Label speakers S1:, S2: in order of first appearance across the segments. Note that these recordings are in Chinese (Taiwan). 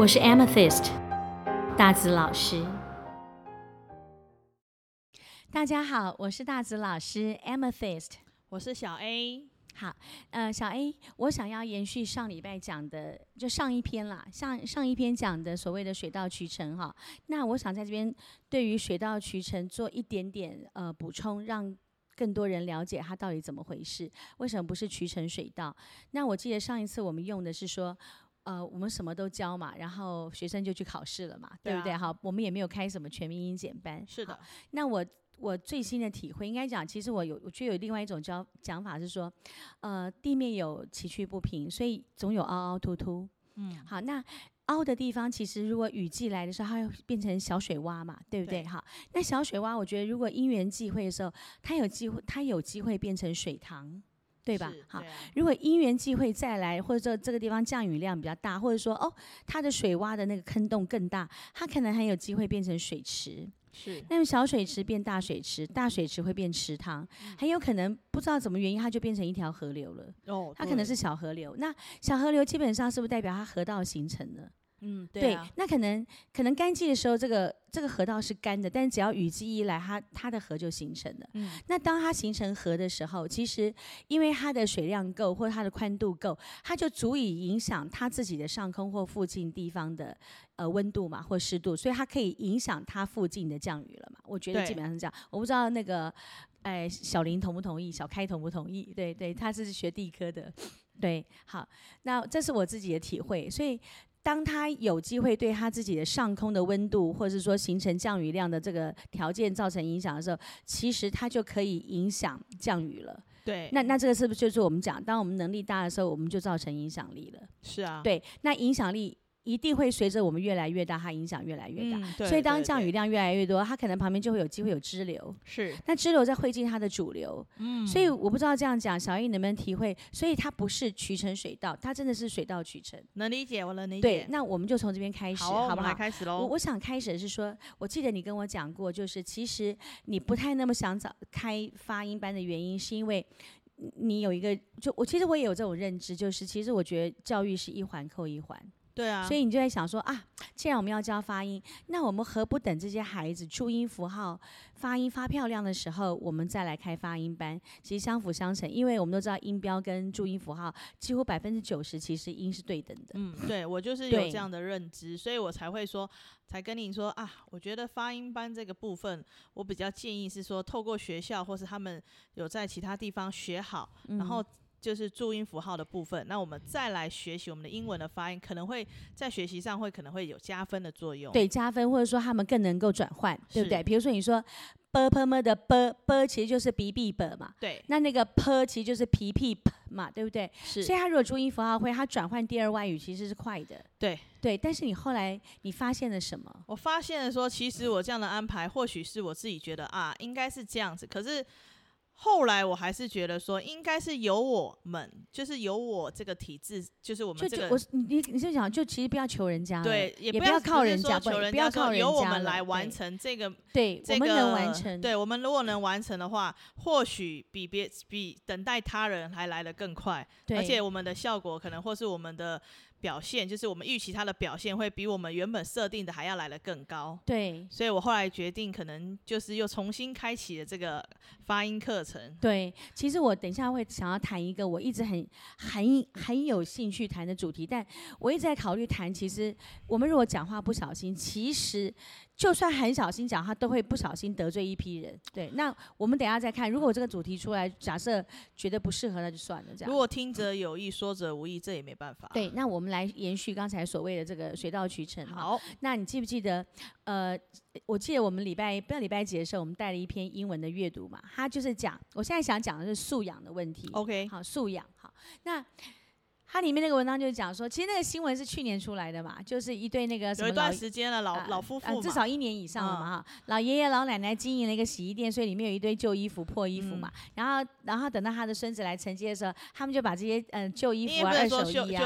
S1: 我是 Amethyst 大紫老師，大家好，我是大紫老師 Amethyst，我是小 A。好，呃，小 A，我想要延續上禮拜講的，就上一篇啦，上上一篇講的所謂的水到渠成哈。那我想在這邊對於水到渠成做一點點呃補充，讓更多人了解它到底怎麼回事，為什麼不是渠成水到？那我記得上一次我們用的是說。呃，我們什麼都教嘛，然後學生就去考試了嘛，對不對？對啊。好，我們也沒有開什麼全民英檢班。是的。那我我最新的體會，應該講，其實我有，我卻有另外一種教講法是說，呃，地面有崎嶇不平，所以總有凹凹凸凸。嗯。好，那凹的地方，其實如果雨季來的時候，它會變成小水窪嘛，對不對？對。好，那小水窪，我覺得如果因緣際會的時候，它有機會，它有機會變成水塘。對吧？對啊，好，如果因緣際會再來，或者說這個地方降雨量比較大，或者說哦，它的水洼的那個坑洞更大，它可能還有機會變成水池。是，那麼小水池變大水池，大水池會變池塘，很有可能不知道什麼原因，它就變成一條河流了。哦，它可能是小河流，那小河流基本上是不是代表它河道形成了？
S2: 嗯，對，啊、對，那
S1: 可能可能乾季的時候，這個這個河道是乾的，但只要雨季一來，它它的河就形成了。嗯、那當它形成河的時候，其實因為它的水量夠，或它的寬度夠，它就足以影響它自己的上空或附近地方的呃溫度嘛，或濕度，所以它可以影響它附近的降雨了嘛。我覺得基本上是這樣。對我不知道那個哎小林同不同意，小開同不同意？對對，他是學地科的，對，好，那這是我自己的體會，所以。當他有機會對他自己的上空的溫度，或者是說形成降雨量的這個條件造成影響的時候，其實他就可以影響降雨了。對，那那這個是不是就是我們講，當我們能力大的時候，我們就造成影響力了？是啊，對，那影響力。一定會隨着我們越來越大，它影響越來越大。嗯、所以當降雨量越來越多，嗯、它可能旁邊就會有機會有支流。是，那支流在匯進它的主流。嗯。所以我不知道這樣講，小英能不能體會？所以它不是渠成水道，它真的是水到渠成。
S2: 能理解，我能理解。對，
S1: 那我們就從這邊開始，好，哦、好不好？開始咯。我我想開始的是說，我記得你跟我講過，就是其實你不太那麼想找開發音班的原因，是因為你有一個，就我其實我也有這種認知，就是其實我覺得教育是一環扣一環。對啊，所以你就在想說啊，既然我們要教發音，那我們何不等這些孩子注音符號發音發漂亮的時候，我們再來開發音班？其實相輔相成，因為我們都知道音標跟注音符號幾乎百分之九十其實音是對等的。嗯，對
S2: 我就是有這樣的認知，對所以我才會說，才跟你說啊，我覺得發音班這個部分，我比較建議是說，透過學校或是他們有在其他地方學好，嗯、然後。就是注音符號的部分，那我們再來學習我們的英文的發音，可能會在學習上會可能會有加分的作用。對，加
S1: 分或者說他們更能夠轉換，對不對？是。比如說你說 “permer” 的 ber，ber 其實就是比比伯嘛。對。那那個 “per” 其實就是皮皮嘛，對不對？是。所以他如果注音符號會，他轉換第二外語其實是快的。對對，但是你後來你發現了什麼？
S2: 我發現了說，其實我這樣的安排，或許是我自己覺得啊，應該是這樣子，可是。後來我還是覺得說，應該是由我們，就是由我這個體制，就是我們這個，
S1: 你你你先講，就其實不要求人家，對，也不要靠人家，求人家，靠由我們來完
S2: 成這個，對，這個，對，我們能完成，對我們如果能完成的話，或許比別比等待他人還來得更快，對，而且我們的效果可能或是我們的。表現就是我們預期它的表現會比我們原本設定的還要來得更高。對，所以我後來決定，可能就是又重新開啟了這個發音課程。
S1: 對，其實我等一下會想要談一個我一直很很很有興趣談的主題，但我一直在考慮談。其實我們如果講話不小心，其實。就算很小心講，他都會不小心得罪一批人。對，那我們等一下再看，如果這個主題出來，假設覺得不適合，那就算了。這樣。如果
S2: 聽者有意，嗯、說者無意，這也沒辦法。對，
S1: 那我們來延續剛才所謂的這個水到渠成。好，好，那你記不記得？呃，我記得我們禮拜，不知道禮拜幾的時候，我們帶了一篇英文的閱讀嘛，他就是講，我現在想講的是素養的問題。OK，好，素養好，那。他裡面那個文章就講說，其實那個新聞是去年出來的嘛，就是一對那個什麼老有一段時間老,老夫婦、呃、至少一年以上了嘛、嗯、哈。老爺爺老奶奶經營了一個洗衣店，所以裡面有一堆舊衣服、破衣服嘛。嗯、然後，然後等到他的孫子來承接的時候，他們就把這些嗯、呃舊,啊啊、舊,舊衣服、二手衣啊，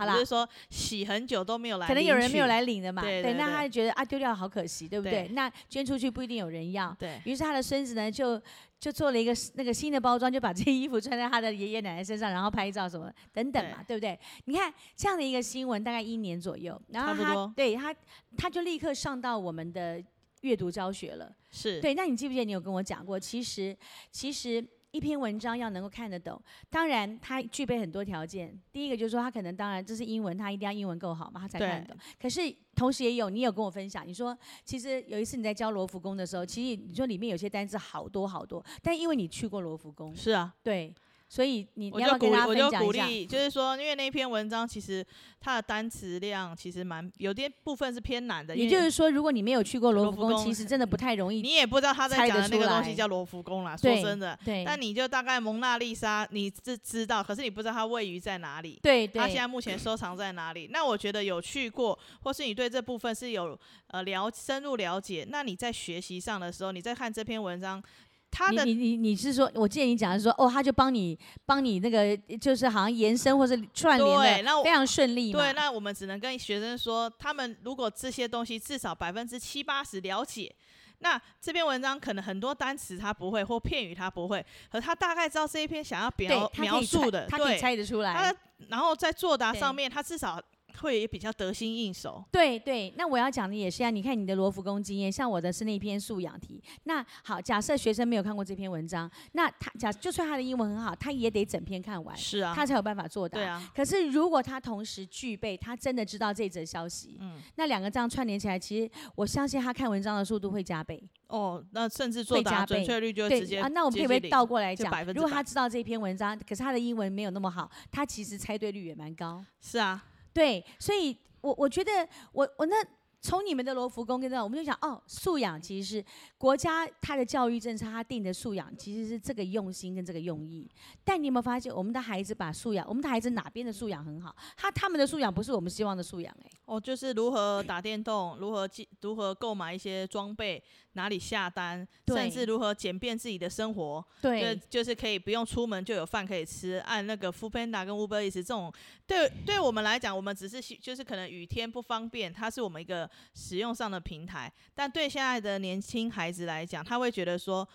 S1: 好了，不是說
S2: 洗很久都沒有來領，可能有人沒有來領的嘛。對,對,對,對,對，那他就覺得
S1: 啊丟掉好可惜，對不對？對那捐出去不一定有人要，對。於是他的孫子呢就。就做了一個那個新的包裝，就把這衣服穿在他的爺爺奶奶身上，然後拍照什麼等等嘛，對，對不對？你看這樣的一個新聞，大概一年左右，然後他對他，他就立刻上到我們的閱讀教學了。是對，那你記不記得你有跟我講過？其實，其實。一篇文章要能夠看得懂，當然它具備很多條件。第一個就是說，它可能當然這是英文，它一定要英文夠好嘛，它才看得懂。對可是同時也有，你有跟我分享，你說其實有一次你在教羅浮宮的時候，其實你說裡面有些單字好多好多，但因為你去過羅浮宮，是啊，對。所以你要要，我就鼓，我就鼓勵，就是說，因
S2: 為那篇文章其實它的單詞量其實蠻，有點部分是偏難的。也就是說，如
S1: 果你沒有去過羅浮宮，其實真的不太容易。你也不知道他在講的那個東西叫
S2: 羅浮宮啦。對說真的。對。那你就大概蒙娜麗莎，你是知道，可是你不知道它位於在哪裡。對。它現在目前收藏在哪裡？對那我覺得有去過，或是你對這部分是有呃了深入了解，那你在學習上的時候，你在看這篇文章。
S1: 他的你你你你是說，我建議你講的是說哦，他就幫你幫你那個，就是好像延伸或是串聯的，對，那我非常順利。對，
S2: 那我們只能跟學生說，他們如果這些東西至少百分之七八十了解，那這篇文章可能很多單詞他不會，或片語他不會，可他大概知道這一篇想要表描、描述的，他可，對他可以猜得出來。他然後在作答上面，對他至少，會也比較得心應手。
S1: 對對，那我要講的也是啊。你看你的羅浮宮經驗，像我的是那篇素養題。那好，假設學生沒有看過這篇文章，那他假就算他的英文很好，他也得整篇看完，是啊，他才有辦法作答。對啊。可是如果他同時具備，他真的知道這則消息，嗯、那兩個這樣串聯起來，其實我相信他看文章的速度會加倍。哦，
S2: 那甚至作答準確率就直接，接啊。那我們可不可以倒過來講，如果他知
S1: 道這篇文章，可是他的英文沒有那麼好，他其實猜對率也蠻高。是啊。對，所以，我我覺得，我我那從你們的羅浮宮跟那，我們就想，哦，素養其實是國家他的教育政策他定的素養，其實是這個用心跟這個用意。但你有沒有發現，我們的孩子把素養，我們的孩子哪邊的素養很好？他他們的素養不是我們希望的素養，欸。
S2: 哦，就是如何打電動，如何如何購買一些裝備。哪裡下單，對甚至如何簡便自己的生活，對就，就是可以不用出門就有飯可以吃。按那個 Foodpanda 跟 UberEats 這種，對，對我們來講，我們只是就是可能雨天不方便，它是我們一個使用上的平台。但對現在的年輕孩子來講，他會覺得說。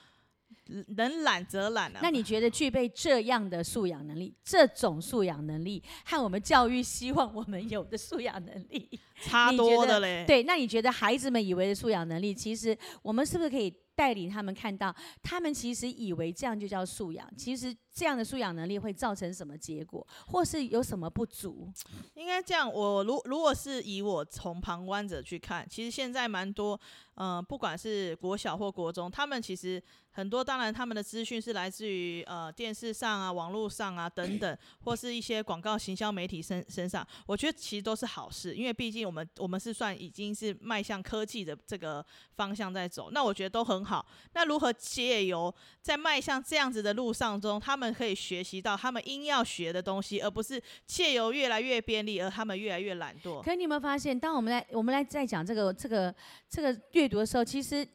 S2: 能懶則懶啊！那你
S1: 覺得具備這樣的素養能力，這種素養能力和我們教育希望我們有的素養能力差多了嘞？對，那你覺得孩子們以為的素養能力，其實我們是不是可以？帶領他們看到，他們其實以為這樣就叫素養，其實這樣的素養能力會造成什麼結果，或是有什麼不足？
S2: 應該這樣，我如如果是以我從旁觀者去看，其實現在蠻多，嗯、呃，不管是國小或國中，他們其實很多，當然他們的資訊是來自於呃電視上啊、網絡上啊等等，或是一些廣告行銷媒體身身上，我覺得其實都是好事，因為畢竟我們我們是算已經是邁向科技的這個方向在走，那我覺得都很。好，那如何借由在邁向這樣子的路上中，他們可以學習到他們應要學的東西，而不是借由越來越便利而他們越來越懶惰。可你
S1: 有沒有發現，當我們來我們來在講這個這個這個閱讀的時候，其實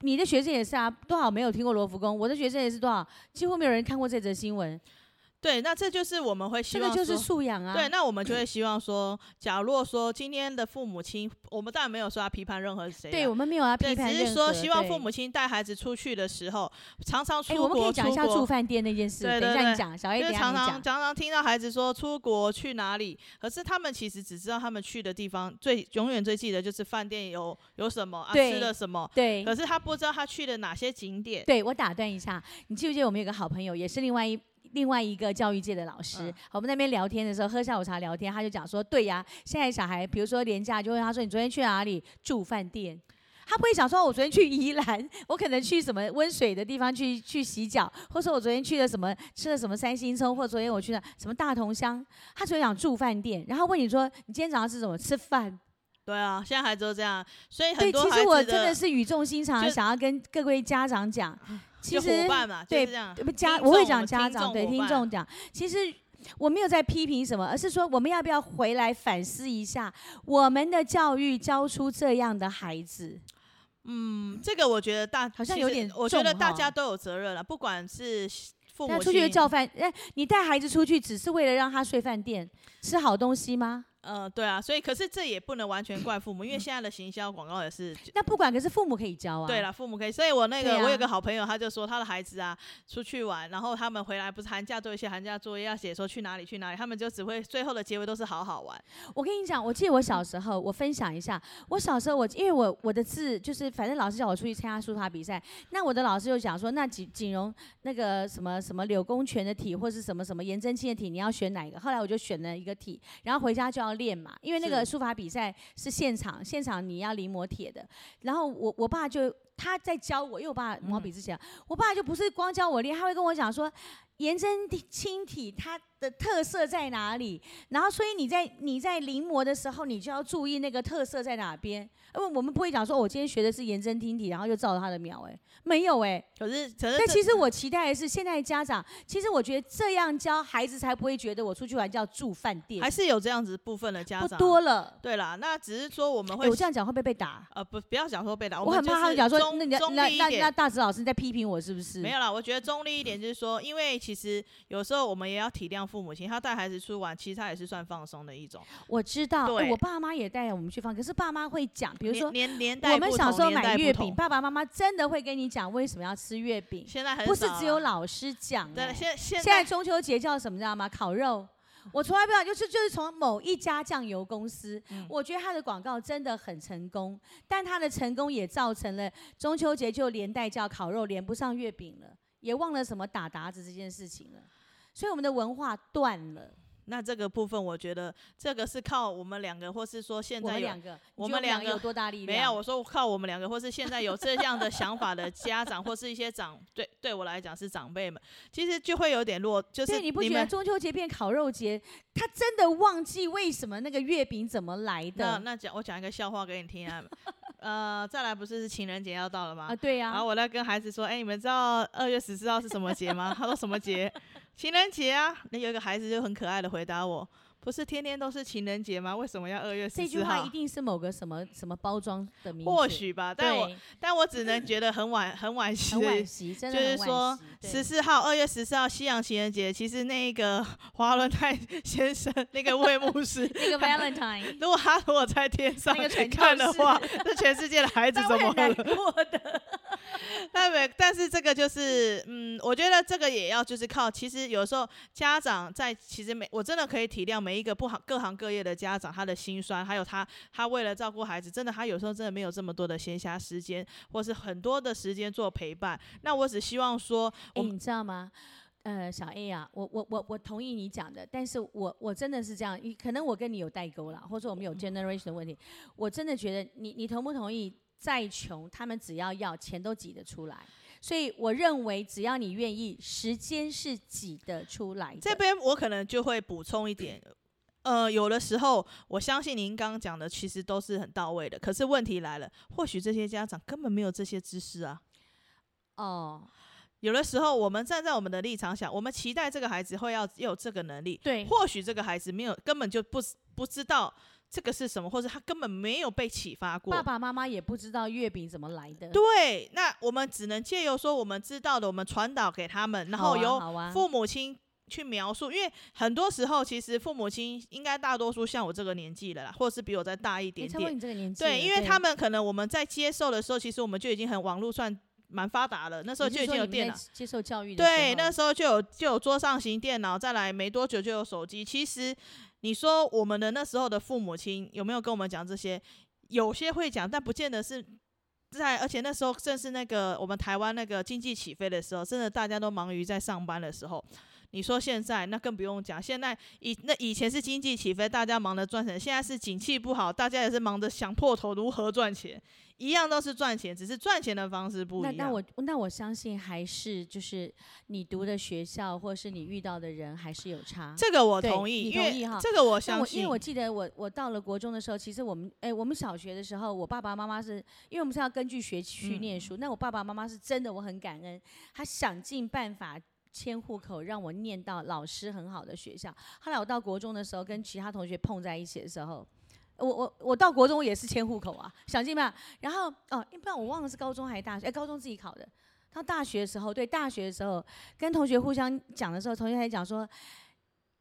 S1: 你的學生也是啊，多少沒有聽過羅浮宮，我的學生也是多少幾乎沒有人看過這則新聞。
S2: 對，那這就是我們會希望說，這個就是素養啊。對，那我們就會希望說，假若說今天的父母親，我們當然沒有說要批判任何誰。對，我們沒有要批判啊，只是說希望父母親帶孩子出去的時候，對常常出國出國，我們可以講一下住飯
S1: 店那件事，常常講
S2: 常常聽到孩子說出國去哪裡，可是他們其實只知道他們去的地方最永遠最記得就是飯店有有什麼啊，對吃了什麼。對。可是他不知道他去了哪些景點。對，我
S1: 打斷一下，你記不記得我們有個好朋友，也是另外一。另外一個教育界的老師，嗯、我們那邊聊天的時候，喝下午茶聊天，他就講說，對呀，現在小孩，比如說連假就問他說，你昨天去哪裡住飯店？他不會想說，我昨天去宜蘭，我可能去什麼溫水的地方去去洗腳，或者我昨天去了什麼吃了什麼三星蔥，或者昨天我去了什麼大同鄉，他就會想住飯店，然後問你說，你今天早上是怎麼吃飯？
S2: 對啊，現在孩子都這樣，所以很多對其實我真的是語
S1: 重心長，就想要跟各位家長講。其實，對，家我會講家長，聽對聽眾講，其實我沒有在批評什麼，而是說我們要不要回來反思一下我們的教育教出這樣的孩子？
S2: 嗯，這個我覺得大好像有點，我覺得大家都有責任了，不管是父母出去叫
S1: 飯，你帶孩子出去只是為了讓他睡飯店、吃好東西嗎？
S2: 嗯，對啊，所以可是這也不能完全怪父母，因為現在的行銷廣告也是。
S1: 那不管，可是父母可以教啊。對了，父
S2: 母可以。所以我那個，啊、我有個好朋友，他就說他的孩子啊，出去玩，然後他們回來不是寒假做一些寒假作業，要寫說去哪裡去哪裡，他們就只會最後的結尾都是好好玩。
S1: 我跟你講，我記得我小時候，我分享一下，我小時候我因為我我的字就是反正老師叫我出去參加書法比賽，那我的老師就講說，那幾錦榮那個什麼什麼柳公權的體或是什麼什麼顏真卿的體，你要選哪一個？後來我就選了一個體，然後回家就要。練嘛，因為那個書法比賽是現場，是現場你要臨摹帖的。然後我我爸就。他在教我，因為我爸毛筆字寫，嗯、我爸就不是光教我練，他會跟我講說顏真卿體它的特色在哪裡，然後所以你在你在臨摹的時候，你就要注意那個特色在哪邊。因為我們不會講說、哦、我今天學的是顏真卿體，然後又照他的描，哎，沒有哎、欸。可是，是但其實我期待的是，現在的家長，其實我覺得這樣教孩子才不會覺得我出去玩就要住飯店。還是有這樣子部分的家長。不多了。
S2: 對啦，那只是說我們會。欸、我這樣講
S1: 會被被打。呃，
S2: 不，不要講說被打。我、就是、我很怕他們講說。中那你中立那那，那大
S1: 紫老師你在批評我是不是？沒有
S2: 了，我覺得中立一點就是說，因為其實有時候我們也要體諒父母親，他帶孩子出玩，其實他也是算放鬆的一種。
S1: 我知道，對欸、我爸媽也帶我們去放，可是爸媽會講，比如說，年年代不同，我們小時候買月餅，爸爸媽媽真的會跟你講為什麼要吃月餅。現在、啊、不是只有老師講、欸。對，現現現在中秋節叫什麼，知道嗎？烤肉。我從來不知道，就是就是從某一家醬油公司，嗯、我覺得它的廣告真的很成功，但它的成功也造成了中秋節就連帶叫烤肉連不上月餅了，也忘了什麼打搭子這件事情了，所以我們的文化斷了。那這個部分，我覺得這個是靠我們兩個，或是說現在有我們兩個有多大力量？沒有，我
S2: 說靠我們兩個，或是現在有這樣的想法的家長， 或是一些長對對我來講是長輩們，其實就會有點弱，就是你、們你不覺得中
S1: 秋節變烤肉節，們他真的忘記為什麼那個月餅怎麼來的？那那講我講一個笑話給你
S2: 聽啊。 呃，再來不是是情人節要到了嗎？啊，對呀、啊。然後我在跟孩子說，哎、欸，你們知道二月十四號是什麼節嗎？ 他說什麼節？情人節啊。那、欸、有一個孩子就很可愛的回答我。不是天天都是情人節嗎？為什麼要二月十四號？這句話一
S1: 定是某個什麼什麼包裝的名詞。或許吧，但我，對但，我
S2: 但我只能覺得很晚很惋，很惋惜，惋惜就是說十四對號二月十四號西洋情人節，其實那個華倫泰先生那個衛牧師 那個 Valentine，如果他和我在天上看的話，那 全世界的孩子怎麼的過的？ 但沒，但是這個就是，嗯，我覺得這個也要就是靠。其實有時候家長在，其實每我真的可以體諒每一個不好各行各業的家長他的心酸，還有他他為了照顧孩子，真的他有時候真的沒有這麼多的閒暇時間，或是很多的時間做陪伴。那我只希
S1: 望說、欸，你知道嗎？呃，小 A 啊，我我我我同意你講的，但是我我真的是這樣，可能我跟你有代溝啦，或者我們有 generation 的問題，嗯、我真的覺得你你同不同意？再窮，他們只要要錢都擠得出來，所以我認為只要你願意，時間是擠得出來的。這邊我
S2: 可能就會補充一點，對呃，有的時候我相信您剛剛講的其實都是很到位的，可是問題來了，或許這些家長根本沒有這些知識啊。哦，oh, 有的時候我們站在我們的立場想，我們期待這個孩子會要有這個能力，對，或許這個孩子沒有，根本就不不知道。這個是什麼？或者他根本沒有被啟發過。爸爸
S1: 媽媽也不知道月餅怎麼來的。對，
S2: 那我們只能借由說我們知道的，我們傳導給他們，然後由父母親去描述。啊啊、因為很多時候，其實父母親應該大多數像我這個年紀了啦，或者是比我再大一點點。欸、對，因為他們可能我們在接受的時候，對其實我們就已經很網絡算蠻發達了。那時候就已經有電腦接
S1: 受教育。對，那
S2: 時候就有就有桌上型電腦，再來沒多久就有手機。其實。你說我們的那時候的父母親有沒有跟我們講這些？有些會講，但不見得是在。而且那時候正是那個我們台灣那個經濟起飛的時候，真的大家都忙於在上班的時候。你說現在那更不用講，現在以那以前是經濟起飛，大家忙着賺錢；現在是景氣不好，大家也是忙着想破頭如何賺錢，一樣都是賺錢，只是賺錢
S1: 的方式不一樣。那,那我那我相信還是就是你讀的學校或是你遇到的人還是有差。這個我同意，你同意哈？這個我相信因我，因為我記得我我到了國中的時候，其實我們哎、欸、我們小學的時候，我爸爸媽媽是因為我們是要根據學區去念書，嗯、那我爸爸媽媽是真的我很感恩，他想盡辦法。遷戶口讓我念到老師很好的學校。後來我到國中的時候，跟其他同學碰在一起的時候，我我我到國中也是遷戶口啊，想盡辦法。然後哦，一般我忘了是高中還是大學？哎，高中自己考的。到大學的時候，對大學的時候，跟同學互相講的時候，同學還講說，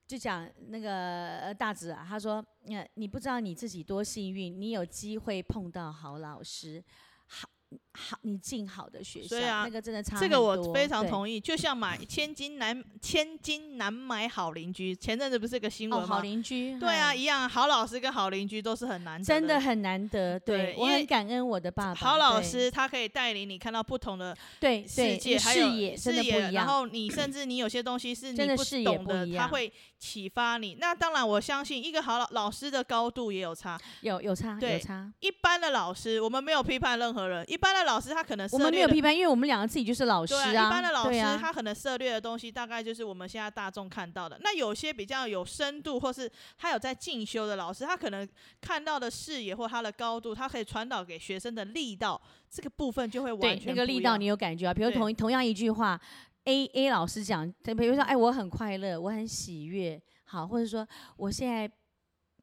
S1: 就講那個呃大紫、啊，他說你你不知道你自己多幸運，你有機會碰到好老師，好。好，你進好的學校，這個真的差多。這個我非常同意，
S2: 就像買千金難，千金難買好鄰居。前陣子不是個新聞嗎？好鄰
S1: 居，對啊，一
S2: 樣好老師跟好鄰居都是很難，
S1: 真的很難得。對，我很
S2: 感恩我的爸爸。好老師，他可以帶領你看到不同的對世界，視野，視野。然後你甚至你有些東西是你不懂的，他會啟發你。那當然，我相信一個好老老師的高度也有差，有有差，對。一般的老
S1: 師，我們沒有批
S2: 判任何人。一般的。老師他可能是我們沒有批判，因
S1: 為我們兩個自己就是老師啊。對啊。一般的老師他
S2: 可能涉獵的東西大概就是我們現在大眾看到的。那有些比較有深度，或是他有在進修的老師，他可能看到的視野或他的高度，他可以傳導給學生的力道，這個部分就會完全，那個力道你有
S1: 感覺啊？比如同對同樣一句話，A A 老師講，比如說哎，我很快樂，我很喜悅，好，或者說我現在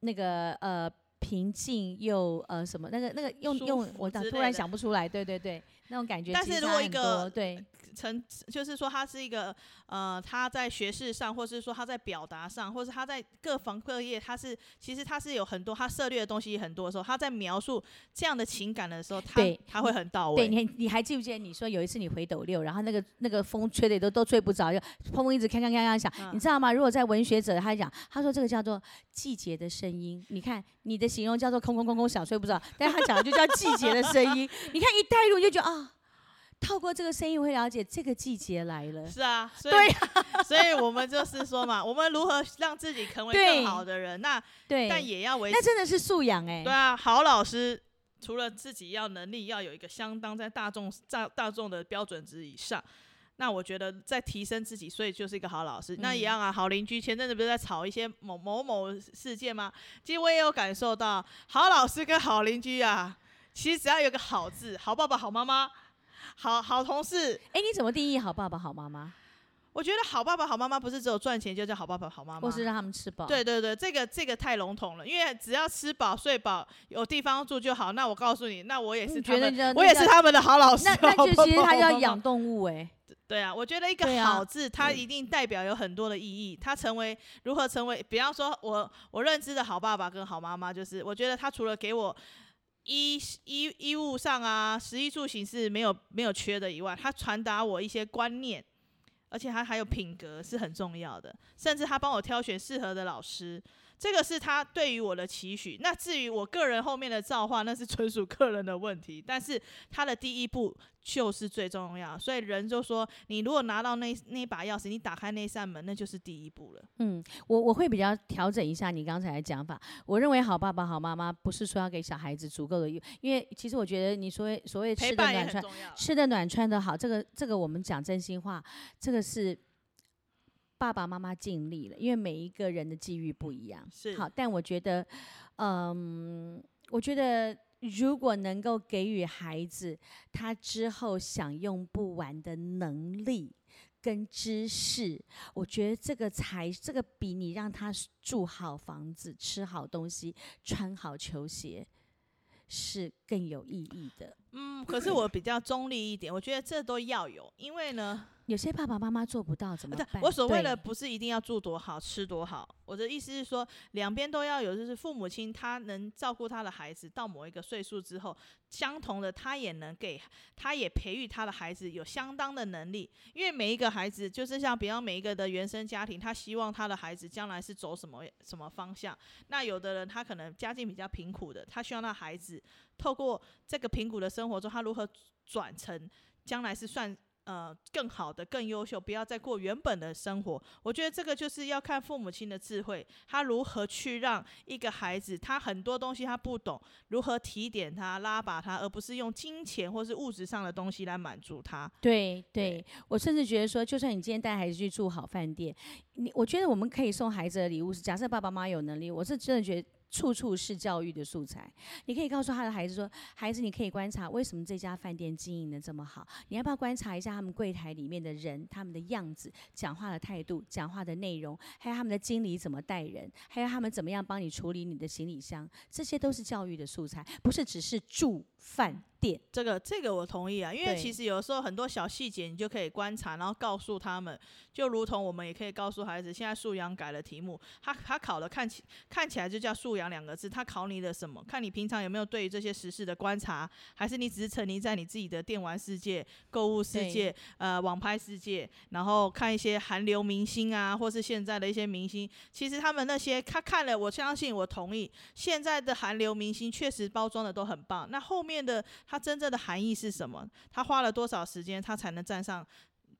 S1: 那個呃。平靜又呃，什麼？那個那個用用我突然想不出來。對對對。那種感覺，但是如果一個對，
S2: 曾、呃，就是說他是一個呃，他在學識上，或是說他在表達上，或者他在各行各業，他是其實他是有很多他涉獵的東西很多的時候，他在描述這樣
S1: 的情感的時候，他對他會很到位。對你你還記不記得你說有一次你回斗六，然後那個那個風吹的也都都吹不着，就砰砰一直看鏗鏗鏗響，嗯、你知道嗎？如果在文學者他講，他說這個叫做季節的聲音。你看你的形容叫做空空空空響，睡不著，但是他講的就叫季節的聲音。 你看一帶入就覺得啊。哦透過這個聲音，我會了解這個季節來了。是
S2: 啊，所以對
S1: 啊，所以我們就是說嘛， 我們如何讓自己成
S2: 為更好的人？對那對但也要維持，那真的
S1: 是素養哎、欸。對啊，好老師
S2: 除了自己要能力，要有一個相當在大眾大大眾的標準值以上，那我覺得在提升自己，所以就是一個好老師。嗯、那一樣啊，好鄰居前陣子不是在炒一些某某某事件嗎？其實我也有感受到，好老師跟好鄰居啊，其實只要有個好字，好爸爸好媽媽、好媽媽。好好同事，誒，你怎麼定義好爸爸、好媽媽？我覺得好爸爸、好媽媽不是只有賺錢就叫好爸爸、好媽媽，或是讓他們吃飽。對對對，這個這個太籠統了，因為只要吃飽、睡飽、有地方住就好。那我告訴你，那我也是覺得，嗯、對對對，我也是他們的好老師。那好老師那，那其實他要養動物誒、欸，對啊，我覺得一個好字，它一定代表有很多的意義。它成為如何成為，比方說我我認知的好爸爸跟好媽媽，就是我覺得他除了給我。衣衣衣物上啊，食衣住行是沒有沒有缺的以外，他傳達我一些觀念，而且他還有品格是很重要的，甚至他幫我挑選適合的老師。這個是他對於我的期許。那至於我個人後面的造化，那是純屬個人的問題。但是他的第一步就是最重要，所以人就說：你如果拿到那那把鑰匙，你打開那扇門，那就是第一步
S1: 了。嗯，我我會比較調整一下你剛才的講法。我認為好爸爸、好媽媽不是說要給小孩子足夠的，因為其實我覺得你所謂所謂吃的暖穿、啊、吃的暖穿的好，這個這個我們講真心話，這個是。爸爸媽媽盡力了，因為每一個人的機遇不一樣。是，好，但我覺得，嗯，我覺得如果能夠給予孩子他之後享用不完的能力跟知識，我覺得這個才，這個比你讓他住好房子、吃好東西、穿好球鞋是，更有意義的，嗯，可是我比較中立一點， 我覺得這都要有，因為呢，有些爸爸媽媽做不到怎麼辦？我所謂的
S2: 不是一定要住多好、吃多好，對我的意思是說，兩邊都要有，就是父母親他能照顧他的孩子到某一個歲數之後，相同的他也能給，他也培育他的孩子有相當的能力，因為每一個孩子就是像比方每一個的原生家庭，他希望他的孩子將來是走什麼什麼方向，那有的人他可能家境比較貧苦的，他希望他孩子。透過這個貧苦的生活中，他如何轉成將來是算呃更好的、更優秀，不要再過原本的生活。我覺得這個就是要看父母親的智慧，他如何去讓一個孩子，他很多東西他不懂，如何提點他、拉拔他，而不是用金錢或是物質上的東西來滿足他。
S1: 對對，對對，我甚至覺得說，就算你今天帶孩子去住好飯店，你我覺得我們可以送孩子的禮物是，假設爸爸媽媽有能力，我是真的覺得。處處是教育的素材。你可以告訴他的孩子說：“孩子，你可以觀察為什麼這家飯店經營得這麼好。你要不要觀察一下他們櫃檯裡面的人、他們的樣子、講話的態度、講話的內容，還有他們的經理怎麼帶人，還有他們怎麼樣幫你處理你的行李箱？這些都是教育的素材，不是只是住飯。”點這個這個我同意啊，因為其實
S2: 有時候很多小細節你就可以觀察，對然後告訴他們，就如同我們也可以告訴孩子，現在素養改了題目，他他考的看起看起來就叫素養兩個字，他考你的什麼？看你平常有沒有對於這些時事的觀察，還是你只是沉迷在你自己的電玩世界、購物世界、對呃網拍世界，然後看一些韓流明星啊，或是現在的一些明星，其實他們那些他看了，我相信我同意，現在的韓流明星確實包裝得都很棒，那後面的。它真正的含義是什麼？他花了多少時間，他才能站上？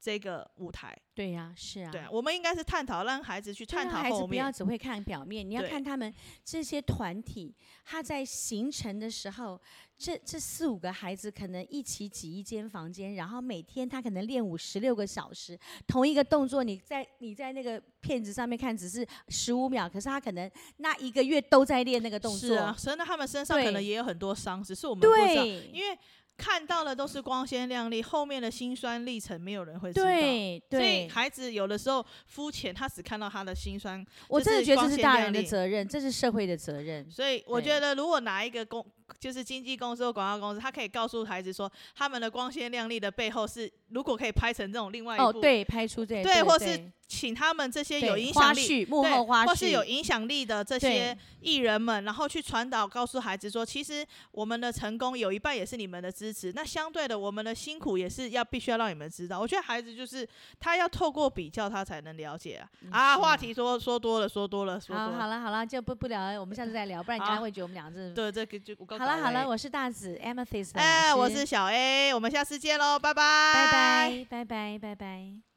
S2: 這
S1: 個舞台，對呀、啊，是啊，對啊，我們應該是探討，讓孩子去探討後面，啊、不要只會看表面，你要看他們這些團體，對他在形成的時候，這這四五個孩子可能一起擠一間房間，然後每天他可能練舞十六個小時，同一個動作，你在你在那個片子上面看只是十五秒，可是他可能那一個月都在練那個動作，是啊，
S2: 所以他們身上可能也有很多傷，對只是我們不知道，對因為。看到的都是光鮮亮麗，後面的辛酸歷程沒有人會知道。
S1: 對，對，所以孩
S2: 子有的時候膚淺，他只看到他的辛酸。我真的覺得這是大人的責
S1: 任，這是社會的責任。
S2: 所以我覺得如果拿一個公就是經紀公司或廣告公司，他可以告訴孩子說，他們的光鮮亮麗的背後是，如果可以拍成這種另外一部，哦、對，拍出這個，對，對或是請他們這些有影響力對幕後花絮對或是有影響力的這些藝人們，然後去傳導告訴孩子說，對其實我們的成功有一半也是你們的支持，那相對的我們的辛苦也是要必須要讓你們知道。我覺得孩子就是他要透過比較，他才能了解啊。嗯、啊，話題說說多了，說多了，啊、說多了，好
S1: 了好了，就不不聊了，我們下次再聊，不然你剛才會覺得我們倆
S2: 是、啊。對，這個就我告。好了好了，我
S1: 是大紫，Amethyst。Am 哎，我是小 A，我們下次見嘍，拜拜。拜拜拜拜拜拜。